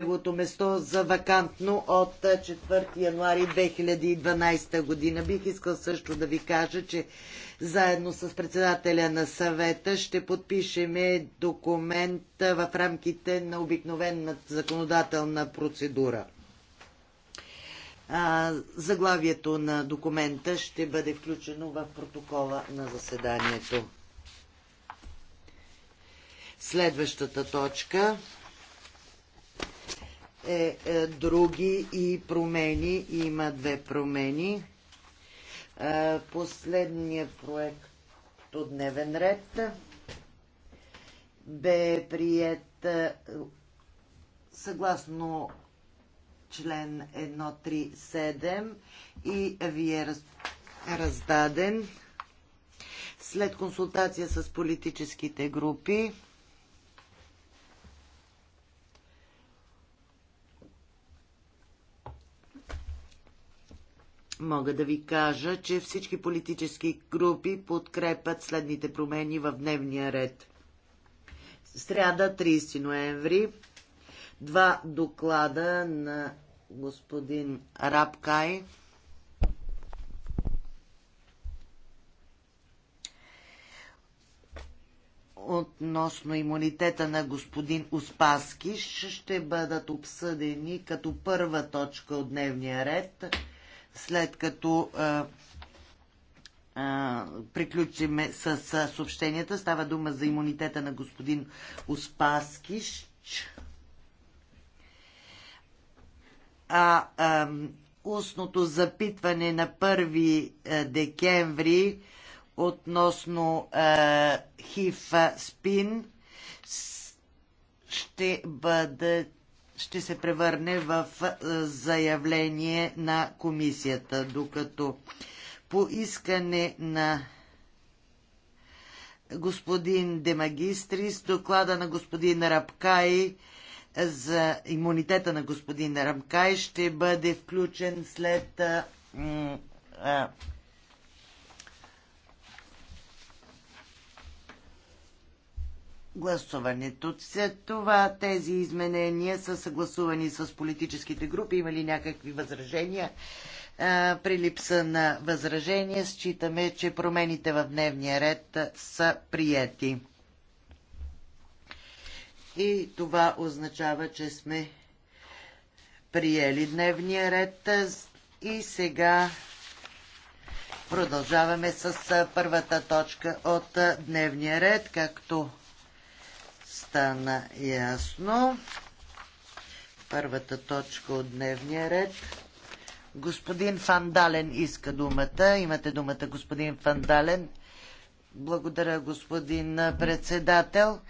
неговото место за вакантно от 4 януари 2012 година. Бих искал също да ви кажа, че заедно с председателя на съвета ще подпишеме документ в рамките на обикновената законодателна процедура. заглавието на документа ще бъде включено в протокола на заседанието. Следващата точка е, е други и промени. Има две промени. Е, последният проект от дневен ред бе прият е, съгласно член 137 и ви е раз, раздаден след консултация с политическите групи. мога да ви кажа, че всички политически групи подкрепят следните промени в дневния ред. Сряда, 30 ноември, два доклада на господин Рабкай. относно имунитета на господин Успаски ще бъдат обсъдени като първа точка от дневния ред след като приключиме с съобщенията. Става дума за имунитета на господин Успаскиш. А, а устното запитване на 1 декември относно ХИФ-СПИН ще бъде ще се превърне в заявление на комисията, докато по искане на господин Демагистрис, доклада на господин Рабкай за имунитета на господин Рабкай ще бъде включен след гласуването. След това тези изменения са съгласувани с политическите групи. Има ли някакви възражения? при липса на възражения считаме, че промените в дневния ред са прияти. И това означава, че сме приели дневния ред и сега продължаваме с първата точка от дневния ред, както стана ясно. Първата точка от дневния ред. Господин Фандален иска думата. Имате думата, господин Фандален. Благодаря, господин председател.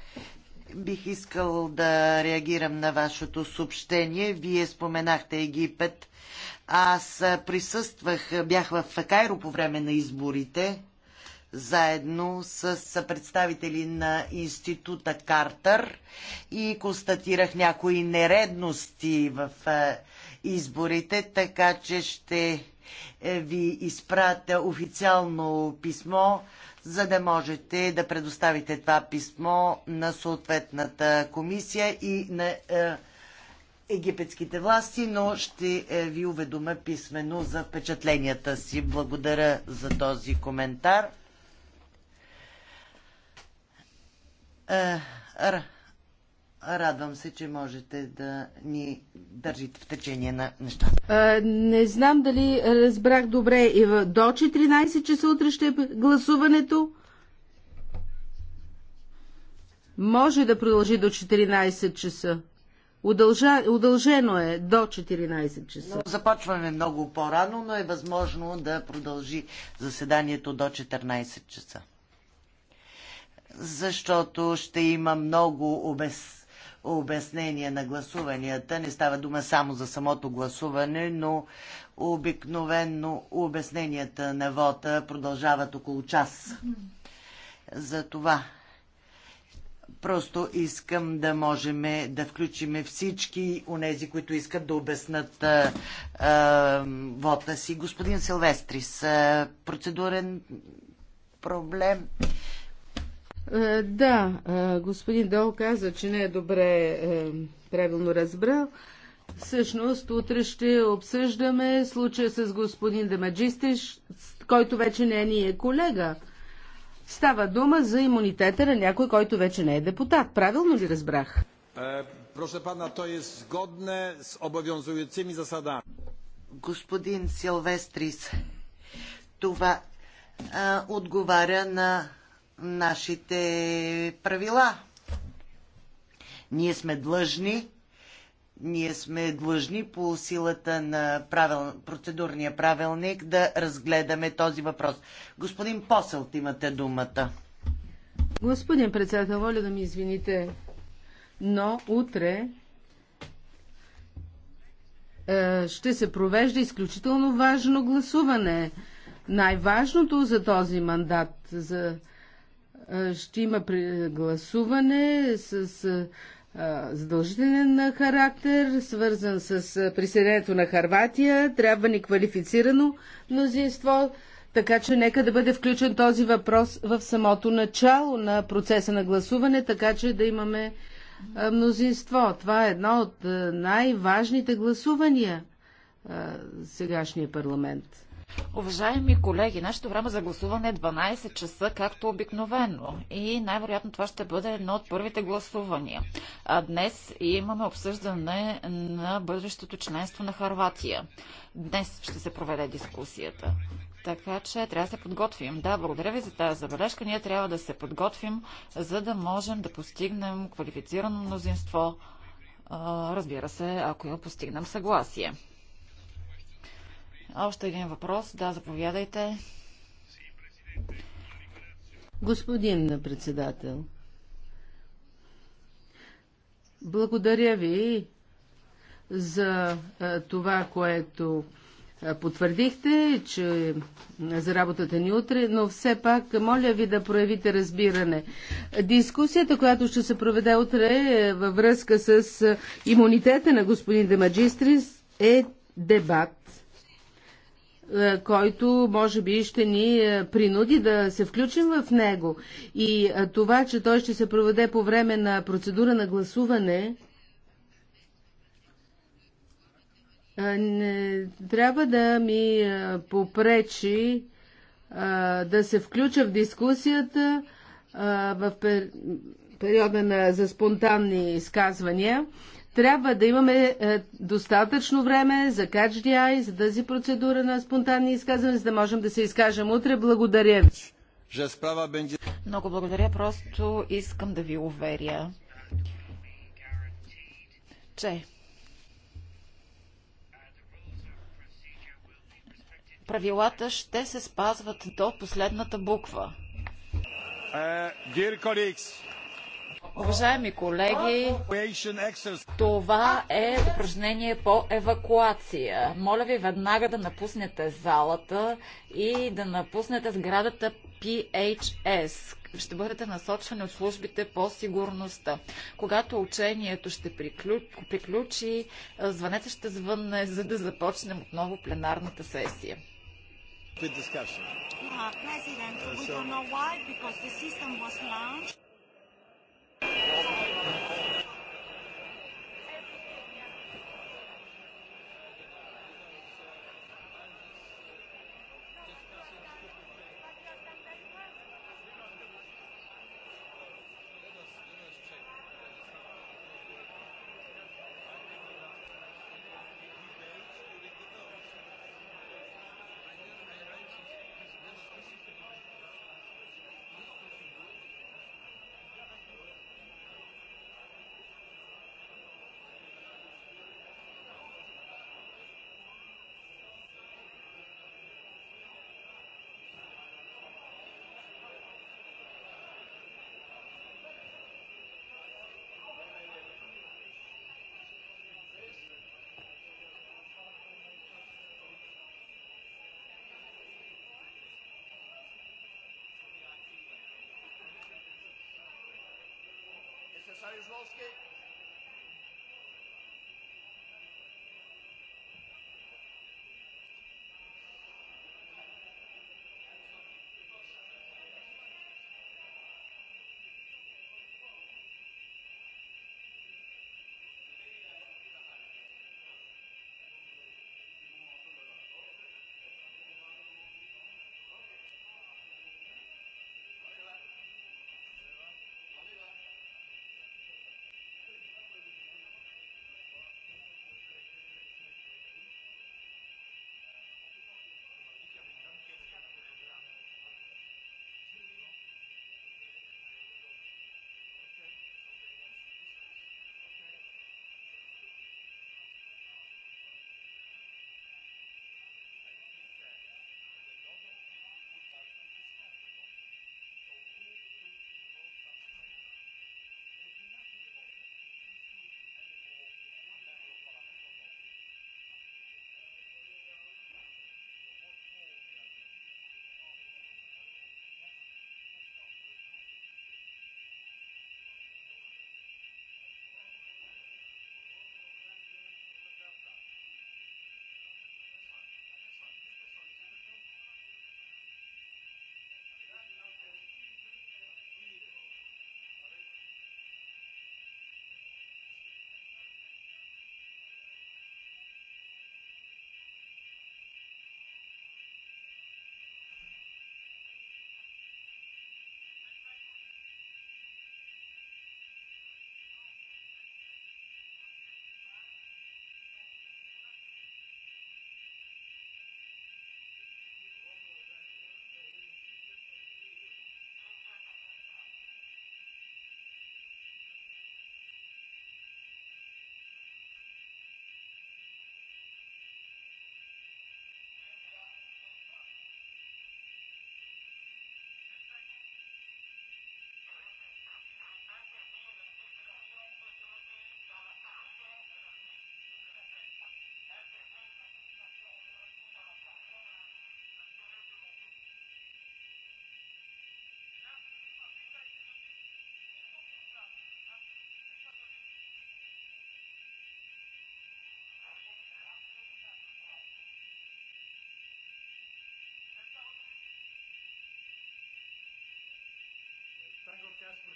Бих искал да реагирам на вашето съобщение. Вие споменахте Египет. Аз присъствах, бях в Кайро по време на изборите заедно с представители на института Картер и констатирах някои нередности в е, изборите, така че ще е, ви изпратя официално писмо, за да можете да предоставите това писмо на съответната комисия и на е, египетските власти, но ще ви уведомя писмено за впечатленията си. Благодаря за този коментар. Е, радвам се, че можете да ни държите в течение на нещата. Е, не знам дали разбрах добре. И до 14 часа утре ще е гласуването. Може да продължи до 14 часа. Удължа, удължено е до 14 часа. Но започваме много по-рано, но е възможно да продължи заседанието до 14 часа защото ще има много обез... обяснения на гласуванията. Не става дума само за самото гласуване, но обикновенно обясненията на вота продължават около час. За това просто искам да можем да включим всички онези, които искат да обяснат а, а, вота си. Господин Силвестрис, процедурен проблем. Е, да, е, господин Дол каза, че не е добре е, правилно разбрал. Всъщност, утре ще обсъждаме случая с господин Демаджистиш, който вече не е ние колега. Става дума за имунитета на някой, който вече не е депутат. Правилно ли разбрах? Проше пана, to е zgodne с obowiązującymi засада. Господин Силвестрис, това а, отговаря на нашите правила. Ние сме длъжни ние сме длъжни по силата на правил, процедурния правилник да разгледаме този въпрос. Господин Поселт, имате думата. Господин председател, воля да ми извините, но утре е, ще се провежда изключително важно гласуване. Най-важното за този мандат, за ще има гласуване с задължителен характер, свързан с присъединението на Харватия. Трябва ни квалифицирано мнозинство, така че нека да бъде включен този въпрос в самото начало на процеса на гласуване, така че да имаме мнозинство. Това е едно от най-важните гласувания сегашния парламент. Уважаеми колеги, нашето време за гласуване е 12 часа, както обикновено. И най-вероятно това ще бъде едно от първите гласувания. А днес имаме обсъждане на бъдещото членство на Харватия. Днес ще се проведе дискусията. Така че трябва да се подготвим. Да, благодаря ви за тази забележка. Ние трябва да се подготвим, за да можем да постигнем квалифицирано мнозинство. Разбира се, ако я постигнем съгласие. Още един въпрос. Да, заповядайте. Господин председател, благодаря ви за това, което потвърдихте, че за работата ни утре, но все пак моля ви да проявите разбиране. Дискусията, която ще се проведе утре е, във връзка с имунитета на господин Демаджистрис е дебат е, който може би ще ни е, принуди да се включим в него. И е, това, че той ще се проведе по време на процедура на гласуване, не трябва да ми попречи да се включа в дискусията в периода на, за спонтанни изказвания. Трябва да имаме е, достатъчно време за CatchDI, за тази процедура на спонтанни изказвания, за да можем да се изкажем утре. Благодаря ви. Много благодаря. Просто искам да ви уверя, че правилата ще се спазват до последната буква. Uh, Уважаеми колеги, това е упражнение по евакуация. Моля ви веднага да напуснете залата и да напуснете сградата PHS. Ще бъдете насочвани от службите по сигурността. Когато учението ще приключи, звънете ще звънне, за да започнем отново пленарната сесия Good discussion. Uh, President, uh, so we don't know why, because the system was launched. necesarios los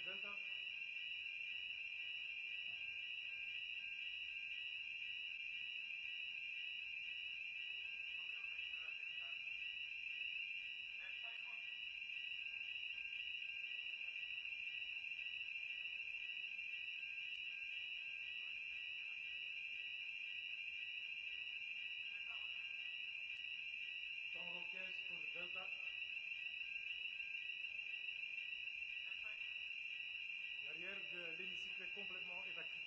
100%. Tom Lopez por Delta l'hémicycle est complètement évacué.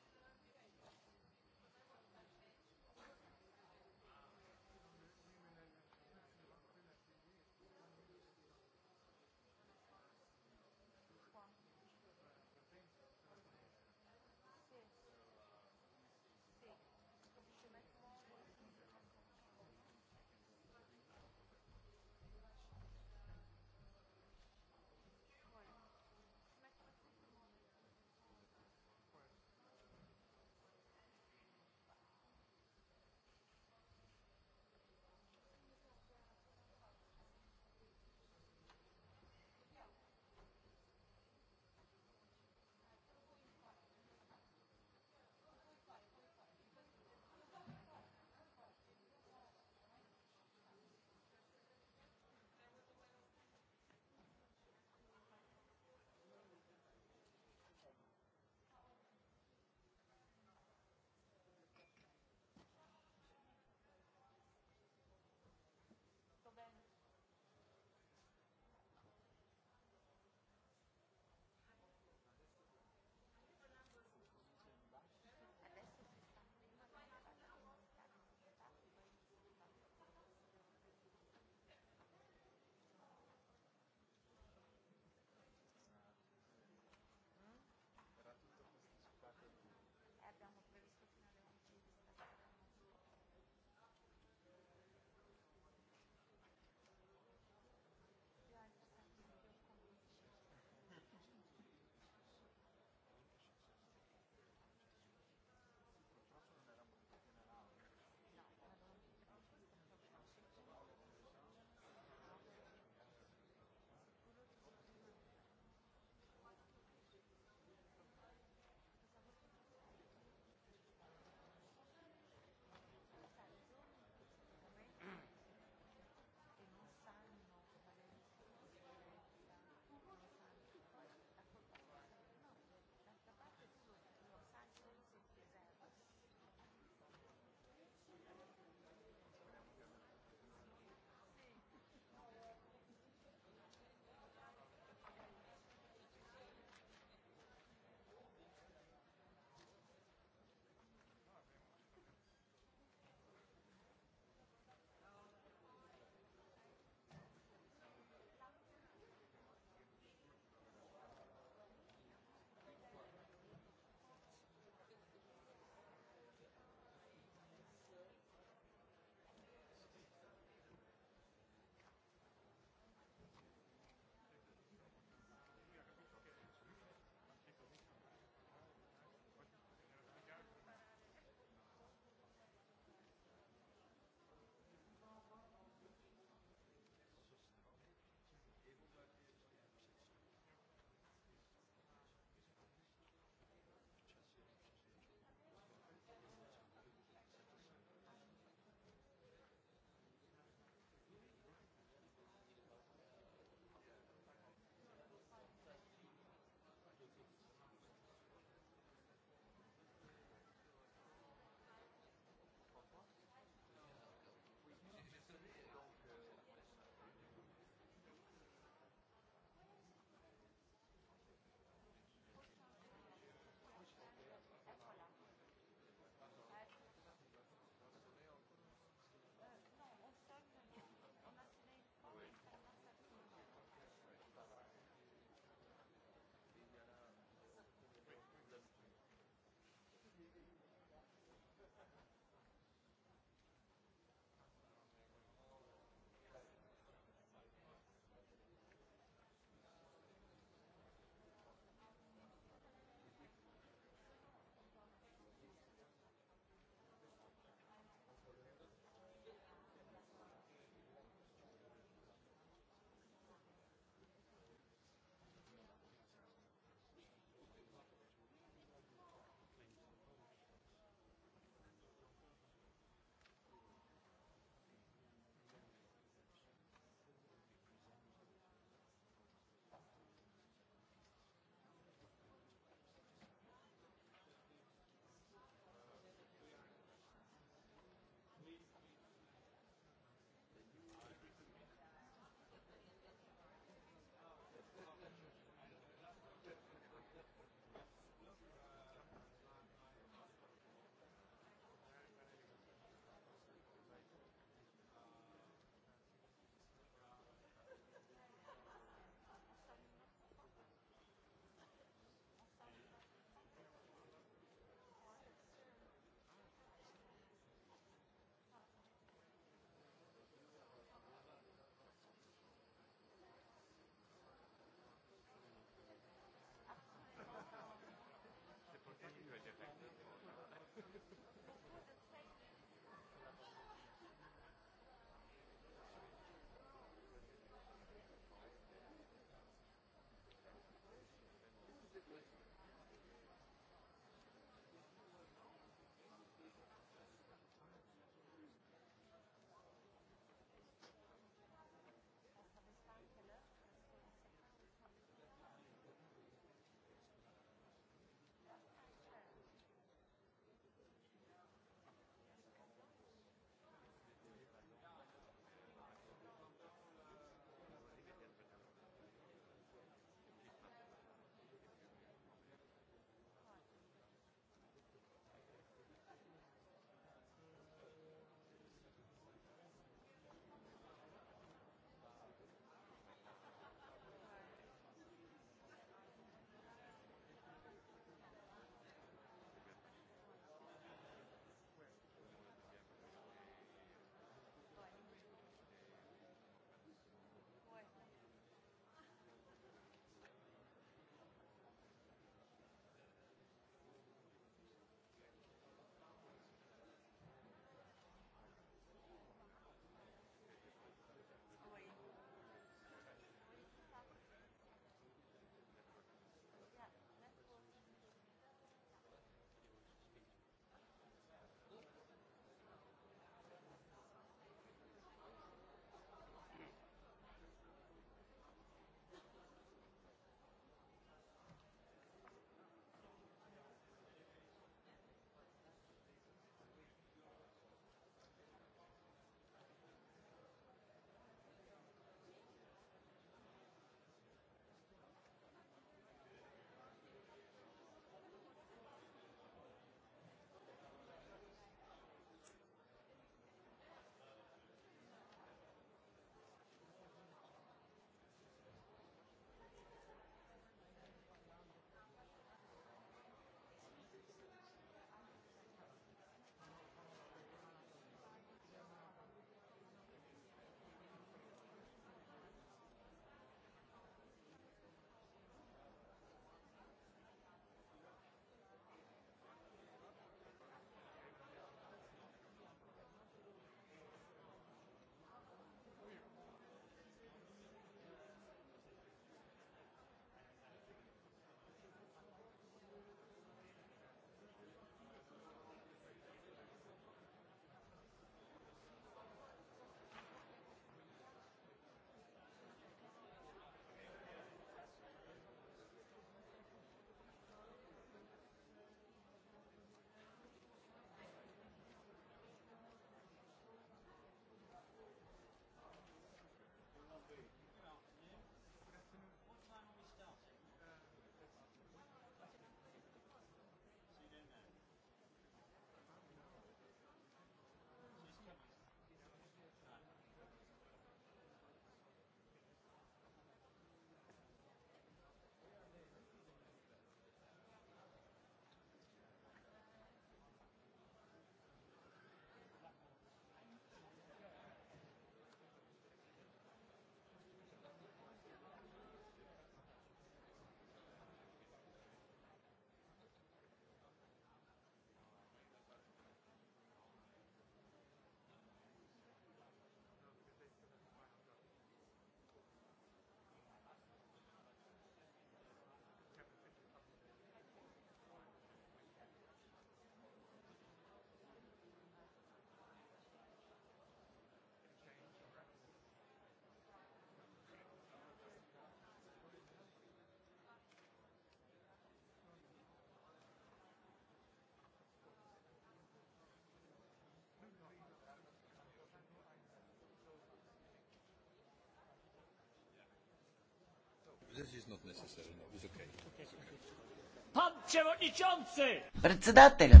Председателя.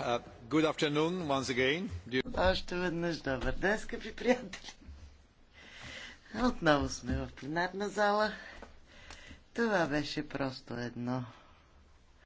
Uh, Още веднъж добър ден, скъпи приятели. Отново сме в пленарна зала. Това беше просто едно